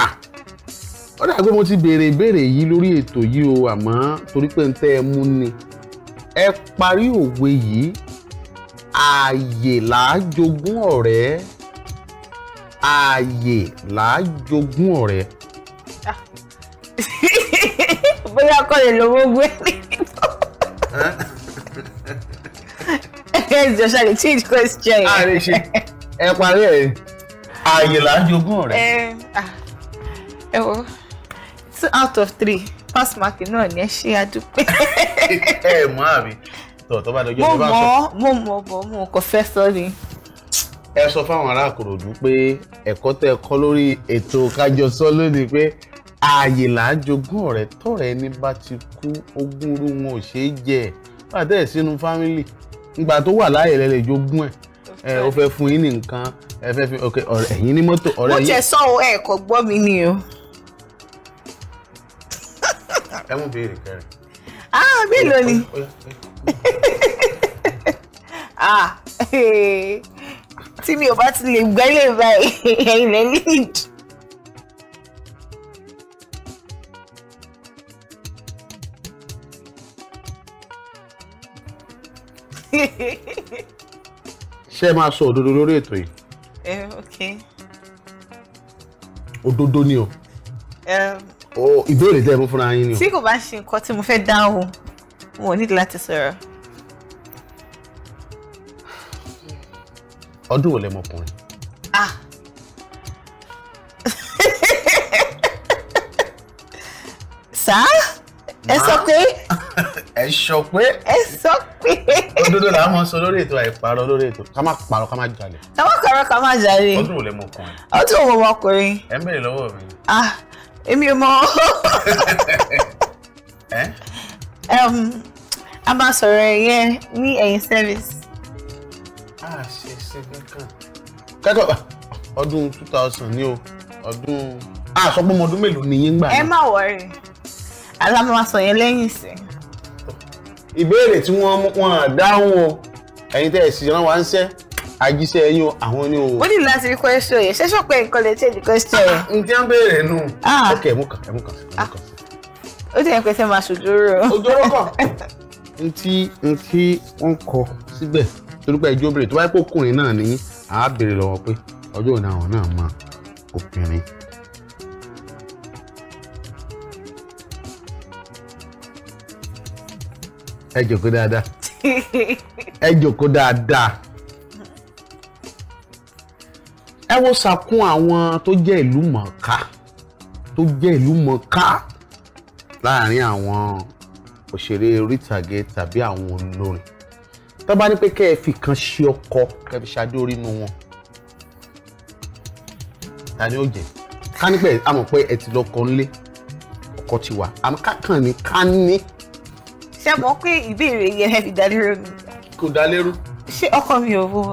Ah, ó dàgbé mo ti béèrè ìbéèrè yìí lórí ètò yìí o àmọ́ torí pé n tẹ́ ẹ mú ni ẹ parí òwe yìí ààyè làá jogún ọ̀rẹ́ ààyè làá jogún ọ̀rẹ́. Ah. bóyá kọ́ lè lọ́wọ́ gbé nínú next Joshua the change question. a lè ṣe ẹ parí ẹ ààyè là ń jogún rẹ. ẹ wo two out of three pass mark náà ni ẹ ṣe àdúpẹ́. ẹ mọ àmì tọ tó bá dọjọ́ tó bá sọ. mo mọ bọ mo kò fẹ́ sọ ni. ẹ sọ fáwọn ará Ìkòròdú pé ẹ̀kọ́ tẹ ẹ kọ́ lórí ètò Kájọ Sọ lónìí pé ààyè là ń jogún ọ̀rẹ́ tọ̀rẹ́ ẹni bá ti kú ogún irú wọn ò ṣeé jẹ àtẹ̀ sínú fámìlì ìgbà tó wà láàyè lẹ lè jogún ẹ ẹ o fẹ́ fún yín ní nǹkan ẹ fẹ́ fi ok ọ̀rẹ́ ẹ̀yin ní mọ́tò ọ̀rẹ́ yín. mo tẹ sọ o ẹ kò gbọ́ mi ni o. ẹ mú béèrè kẹrin. ah mélòó ni. ah tí mi ò bá ti lè gbẹ́lẹ̀ báyìí ẹ̀yin lẹ́yìn. ṣé ẹ máa sọ òdodo lórí ètò yìí. ẹ eh, ok. òdodo ni eh, o. ìbéèrè tẹ́ ẹ mú fúnra yín ni o. tí kò bá ṣe nǹkan tí mo fẹ́ dáhùn mo ò nídìí láti sọ̀rọ̀. ọdún wo lẹ mọ ọkùnrin. ah. sáà ẹ sọ pé. ẹ sọ pé. ẹ sọ pé. òdodo la mọ sọ lórí ètò àìparọ́ lórí ètò ká má parọ́ ká má jalè. ká má parọ́ ká má jalè. ọdún òlẹ̀ mọ ọkùnrin. ọdún òwò mọ ọkùnrin. ẹ ń bèrè lọ́wọ́ mi. ah èmi ò mọ. Um, a máa sọ̀rọ̀ yẹn ní ẹ̀yìn service. a ah, ṣe ṣe kankan. kẹ́kọ̀ọ́ ọdún two thousand ni o ọdún a ah, sọ pé ọmọ ọdún mélòó ni yín gbà. ẹ má wọrí alámọ̀sọ yẹn lẹ́yìn sí. ìbéèrè tí wọ́n wọ́n dáhùn o ẹ̀yin tẹ́ ẹ̀ sì rán wa ń sẹ́ àjíṣẹ́ ẹ̀yin àwọn ni o. ó ní láti rí question yẹn ṣé sọpẹ́ nǹkan lè change question yẹn. Ah, n tí wọ́n béèrè nù. Ah. ok mú kàn mú kàn. Ah. ó ti yẹn pé sẹ́ máa ṣòjóró. òjòrò kọ̀. n tí n tí wọ́n kọ síbẹ̀ torí pé ẹjọ́ tó bá yẹ ọkùnrin náà ní àá lọ́wọ́ pé ọjọ́ òní náà máa obìnrin ẹ jòkó dáadáa ẹ jòkó dáadáa ẹ wo sàkún àwọn tó jẹ́ ìlú mọ̀ọ́ká tó jẹ́ ìlú mọ̀ọ́ká láàárín àwọn òṣèré orí ìtàgé tàbí àwọn olórin tó bá ní pé kẹ́ ẹ fi kan ṣe ọkọ kẹ́ ẹ fi ṣáájú orí inú wọn ta ni ó jẹ́ ká ní pé a mọ̀ pé ẹ ti lọ́kọ ńlé ọkọ ti wà àmọ́ ká kàn ní ká ní ṣe mọ̀ pé ìbéèrè yẹn ẹ̀ fi dálérò ni. kò dálérò. ṣé ọkọ mi ò wọ.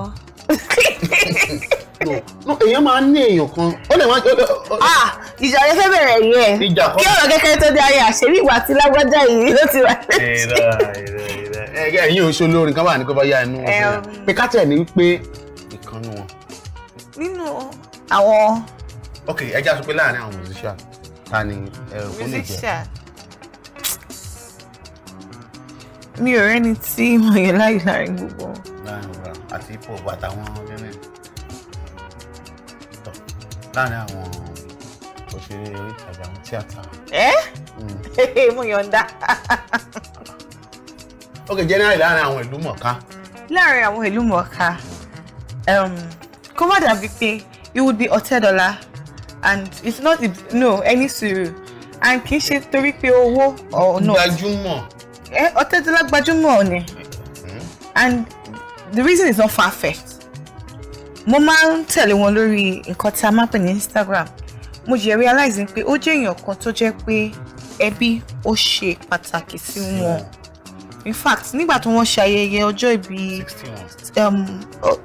no èèyàn máa ń ní èèyàn kan ó lè máa. ah ìjà yẹn fẹ́ bẹ̀rẹ̀ yẹn kí ọ̀rọ̀ kékeré tó dé ayé àṣírí ìwà àti lágbájá yìí ló ti wà lẹ́yìn. ẹ̀yin ò ṣe olórin kan wà ní kó bá yá inú wọn. pé ká tẹ̀ ní wípé ìkànnì wọn. nínú àwọn. ok ẹ já sọ pé láàrin àwọn musician ta ni ẹ ò kó lè jẹ. musician mi ò rẹ́ni tí mo yẹ láì láàrin gbogbo. láàrin ọ̀rọ̀ àti ipò bàtà wọn lẹ́rìn tọ̀ láàrin àwọn òṣèré orí ìtajà àwọn tíátà. ẹ hmm. mo yọ̀ǹda. ok generally láàrin àwọn ìlú mọ̀ọ́ká. láàrin àwọn ìlú mọ̀ọ́ká um, kó má dàbí pé it would be ọ̀tẹ́dọ́là and it's not no any sùúrù and kì í ṣe torí pé owó. gbajúmọ̀. Eh, Ọ̀tẹ́dọ́lá gbajúmọ̀ ni and the reason is not far-fetched mo máa ń tẹ̀lé wọn lórí nǹkan tá a máa ń pè ní Instagram mo jẹ́ realize pé ó jẹ́ èèyàn kan tó jẹ́ pé ẹbí ó ṣe pàtàkì sí wọn in fact nígbà tí wọ́n ṣe ayẹyẹ ọjọ́ ìbí um,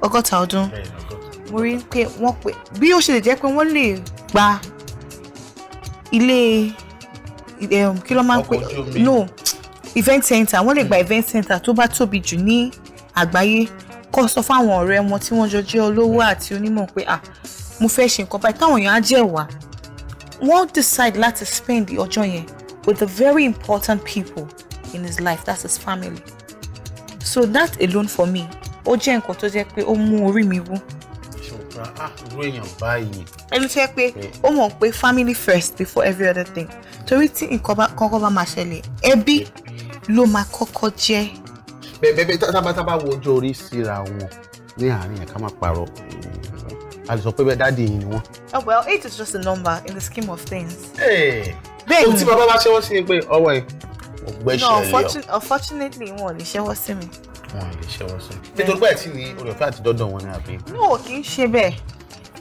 ọgọ́ta ọdún mo rí pé wọ́n pè bí ó ṣe lè jẹ́ pé wọ́n lè gba ilé um, kí ló máa ń pè no event center wọ́n lè gba event center tó bá tóbi jù ní àgbáyé kó sọ fáwọn ọ̀rẹ́ wọn tí wọ́n jọ jẹ́ olówó àti onímọ̀ pé ah mo fẹ́ ṣe nǹkan báyìí táwọn èèyàn á jẹ́ wá wọ́n decide láti spend ọjọ́ yẹn with the very important people in his life that's his family so that alone for me ó jẹ́ nǹkan tó jẹ́ pé ó mú orí mi wú fúnra ah irú èèyàn báyìí. ẹni tó yẹ pé ó mọ̀ pé family first before every other thing torí tí nǹkan kọ́kọ́ bá máa ṣẹlẹ̀ ẹbí ló máa kọ́kọ́ jẹ́. bẹ́ẹ̀ tábátábá wo ojú orí síra wọn ní àárín ẹ̀ ká má parọ́ a lè sọ pé bẹ́ẹ̀ dáàdi yìí ni wọ́n. oh well it is just a number in the scheme of things. bẹ́ẹ̀ ni ohun bàbá bá ṣe wọ́n sí ni ọwọ́ ẹ̀ mo gbẹ́sẹ̀ yọ. no unfortunately wọn ò lè ṣẹ́wọ́ sí mi. wọn ò lè ṣẹ́wọ́ sí mi. nítorí bẹ́ẹ̀ tí ni olùfẹ́ àti dọ́dọ̀ wọn ni àbí. no kì í ṣe bẹ́ẹ̀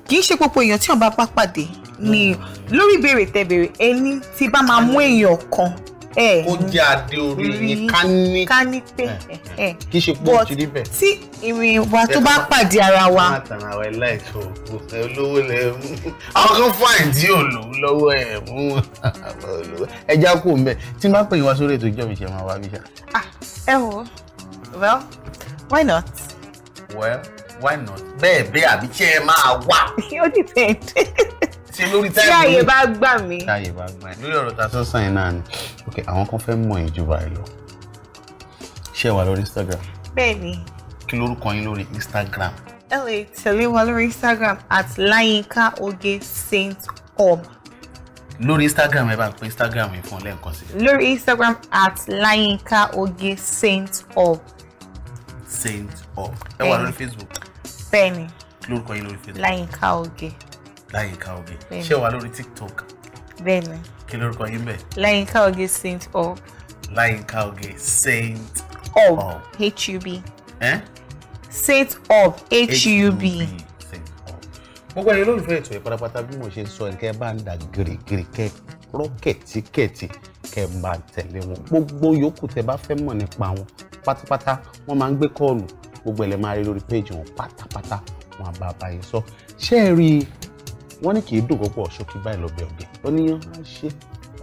kì í ṣe gbogbo èèyàn tí wọn bá pàpàdé ni hmm. lórí ìbéèrè tẹ béèrè ẹni tí bá máa mú èèyàn kan kó jẹ́ adé orí yín ká ní pé kì ṣe pọ̀ jù níbẹ̀. tí ìrìn wa tó bá pàdé ara wa. má tàn àwọn ẹlẹ́ẹ̀tọ́ òkùnfẹ́ olówó lẹ mú ọkàn fáìn tí ò lò lọ́wọ́ ẹ̀ mú ẹja kò ń bẹ̀ tí n pè yín wá sórí ètò ìjọba ìṣẹ̀ máa wá bí ṣá. Ah, ẹ wo well why not. well why not bẹ́ẹ̀ bẹ́ẹ̀ àbí ṣé ẹ máa wà. ó dìpẹ́ǹdì. ṣe lórí táìmù. tí àyè bá gbà mí. tí àyè bá gbà mí lórí ọ̀rọ̀ ta sọ́sàn yẹn náà ni ok àwọn kan fẹ́ mọ̀ ẹ́ báyìí lọ ṣé ẹ wà lórí Instagram. bẹ́ẹ̀ni. kí lorúkọ yín lórí Instagram. ẹ lè tẹ̀lé wa lórí Instagram at layinka oge saint ob lórí instagram ẹ bá ń pe instagram yìí fún ọ lẹ́ẹ̀kan sí. lórí instagram at layinka oge saint of. saint of ẹ wà lórí facebook. bẹ́ẹ̀ni lórúkọ yín lórí facebook. layinka oge. Okay láyìíká oge ṣé wà lórí tiktok. bẹ́ẹ̀ni. kí lórúkọ yín bẹ. láyìíká oge saint up. láyìíká oge saint up. hub. Eh? saint up hub. gbogbo ẹni olólùfẹ́ ètò ìparapata bí mo ṣe sọ ẹ̀ kẹ́ bá ń da gírígírí kẹ́ rọ́kẹ̀tíkẹ̀tì kẹ́ bá tẹ̀lé wọn gbogbo yòókù tẹ́ bá fẹ́ mọ̀ nípa wọn pátápátá wọ́n máa ń gbé kọ́ọ̀lù gbogbo ẹ̀ lẹ́ máa rí lórí péjì wọn pátápátá wọn àbá àbáyé sọ ṣé ẹ rí i wọ́n ní kì í dùn púpọ̀ ṣókí báyìí lọ́bẹ̀ ọ̀gẹ̀ oníyan ah, á ṣe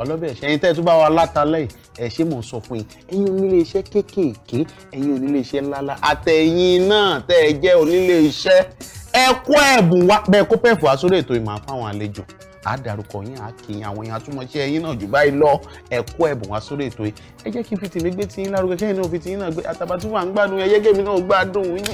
ọlọ́bẹ̀ ẹ̀ṣẹ̀ ẹ̀yin tẹ́ẹ̀ tún bá wa látàlẹ́ ẹ̀ ṣé mò ń sọ fún yín ẹ̀yin onílé iṣẹ́ kéékèèké ẹ̀yin onílé iṣẹ́ ńláńlá àtẹ̀yin náà tẹ́ ẹ jẹ́ onílé iṣẹ́ ẹ kó ẹ̀bùn wá bẹ́ẹ̀ kó pẹ́ẹ̀fù wá sórí ètò ìmọ̀ àfáwọn àlejò A darúkọ yín á kí yín àwọn èèyàn àtúmọ̀ṣẹ́ yín náà jù báyìí lọ ẹ̀kọ́ ẹ̀bùn wá sórí ètò yìí ẹ jẹ́ kí n fi tèmi gbé tiyín lárugẹ kẹ́yìn náà fi tiyín náà gbé Àtàbàtúbú à ń gbádùn ẹ jẹ́ kí èmi náà gbádùn yín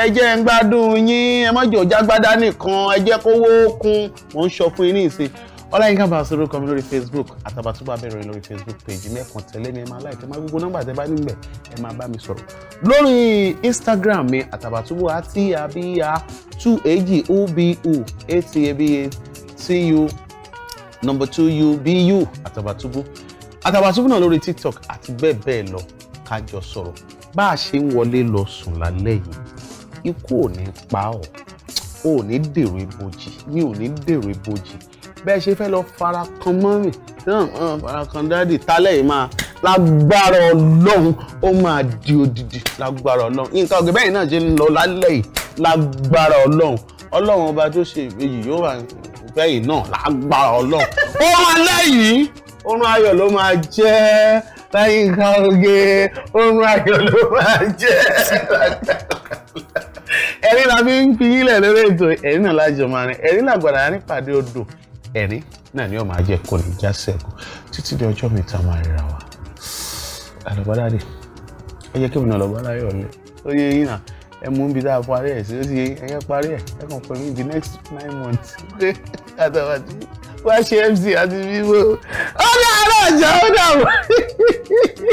ẹ jẹ́ ń gbádùn yín ẹ má jẹ́ ọ̀já gbádá nìkan ẹ jẹ́ kówó kún mò ń sọ fún yín ní ìsìn Ọláyínká Bàsírù kọ mi lórí Facebook Àtàbàtúbú abẹ́rẹ́ lórí Facebook page mẹ́kan tẹ̀lé mi ẹ máa like ẹ máa gbogbo nọ́mbà tẹ See you, number two You be you. àtàbàtúbú àtàbàtúbú náà lórí tiktok àti bẹ́ẹ̀ bẹ́ẹ̀ lọ ká jọ sọ̀rọ̀ bá a ṣe ń wọlé lọ sùn lálẹ́ yìí ikú ò ní pa ọ́ ò ní dèrò ibojì mi ò ní dèrò ibojì bẹ́ẹ̀ ṣe fẹ́ lọ fara kan mọ́rìn fara kan dáàdì tálẹ̀ yìí máa lágbára ọlọ́run ó máa di odidi lágbára ọlọ́run nǹkan ọ̀gbìn bẹ́ẹ̀ náà ṣe ń lọ lálẹ́ yìí lágbára ọlọ́run ọlọ́run ọba tó ṣe ìbejì yóò wà fẹ́yìn náà lágbára ọlọ́run ó máa lẹ́yìn oorun ayọ̀ ló máa jẹ́ lẹ́yìn ká oge oorun ayọ̀ ló máa jẹ́ ẹ̀rín la fi ń fi ilẹ̀ lórí ètò ẹ̀rín náà lájọ máa rìn ẹ̀rín làgbàdà ní pàdé odò ẹ̀rín náà ni ó máa jẹ́ kò ní já sẹ́kù títí di ọjọ́ mi ta máa ríra wa àlọ́bádàdì ẹ jẹ́ kí mi náà lọ́bàdà yọ̀ ọ́ lé ó yẹ yín náà ẹ mú níbi tá parí ẹ̀ sí ó ti ẹ̀yẹ́ parí ẹ̀ ẹ̀ kàn pẹ̀lú the next nine months pé àtàwàtí wá ṣe mc àti bíbó ó dàrọ̀ ọjà ó dàrọ̀.